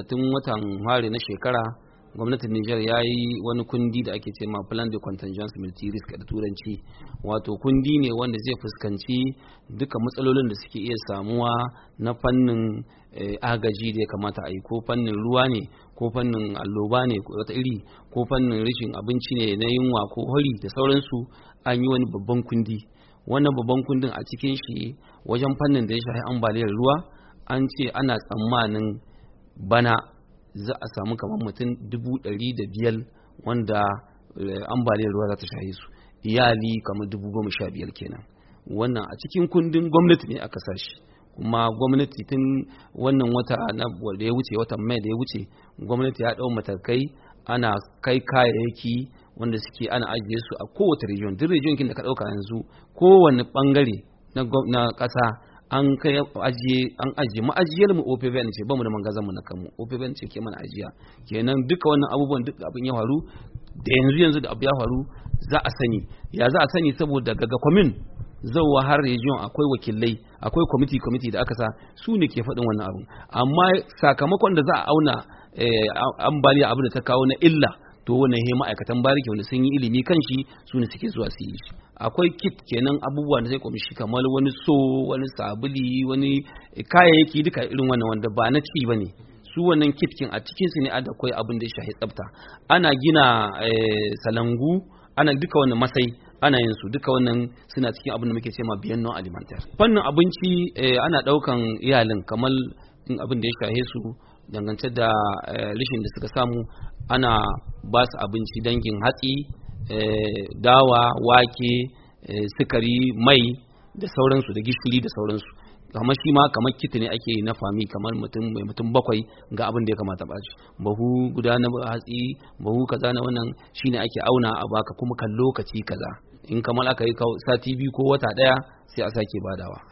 tun watan hari na shekara gwamnatin Nijar ya yi wani kundi da ake ce ma plan de contingence military risk da turanci wato kundi ne wanda zai fuskanci duka matsalolin da suke iya samuwa na fannin eh, agaji da ya kamata a yi ko fannin ruwa ne ko fannin alloba ne ko wata iri ko fannin rashin abinci ne na yunwa ko hori da sauransu an yi wani babban kundi wannan babban kundin a cikin shi wajen fannin da ya shafi ambaliyar ruwa an ce ana tsammanin bana za a samu kamar mutum dubu ɗari da biyar wanda eh, ambaliyar ruwa za ta shahe su iyali kamar dubu goma sha biyar kenan wannan a cikin kundin gwamnati ne aka sashi kuma gwamnati tun wannan wata na da ya wuce watan mai da ya wuce gwamnati ya ɗau matakai ana kai kayayyaki wanda suke ana ajiye su a kowace rijiyon. duk region kin da ka ɗauka yanzu kowane bangare na ƙasa an kai ajiye an ajiye ma'ajiyar mu OPVN ce ba mu da mangazan mu na kanmu an ce ke mana ajiya kenan duka wannan abubuwan duk abin ya faru da yanzu yanzu da abu ya faru za a sani ya za a sani saboda gaga kwamin zauwa har region akwai wakilai akwai committee committee da aka sa su ne ke faɗin wannan abu amma sakamakon da za a auna eh, ambaliya abin da ta kawo na illa to wannan he ma'aikatan bariki wanda sun yi ilimi kan shi su ne suke zuwa su yi shi akwai kit kenan abubuwa da zai kumshi kamar wani so wani sabuli wani kayayyaki duka irin wannan wanda ba na ci ba ne su wannan kitkin a cikinsu ne ada akwai abin da ya shahi tsafta ana gina eh, salangu ana duka wannan masai ana yin su duka wannan suna cikin abin da muke cewa biyan non alimentaire fannin abinci eh, ana daukan iyalin kamar abin da ya shahe su dangance da eh, rishin da suka samu ana ba su abinci dangin hatsi Eh, dawa wake eh, sukari mai da sauransu da gishiri da sauransu kamar shi ma kamar kiti ne ake na fami kamar mutum mai mutum bakwai ga abin da ya kamata ba shi bahu guda na hatsi bahu kaza na wannan shine ake auna a baka kuma kan lokaci kaza in kamar aka yi sati biyu ko wata daya sai a sake badawa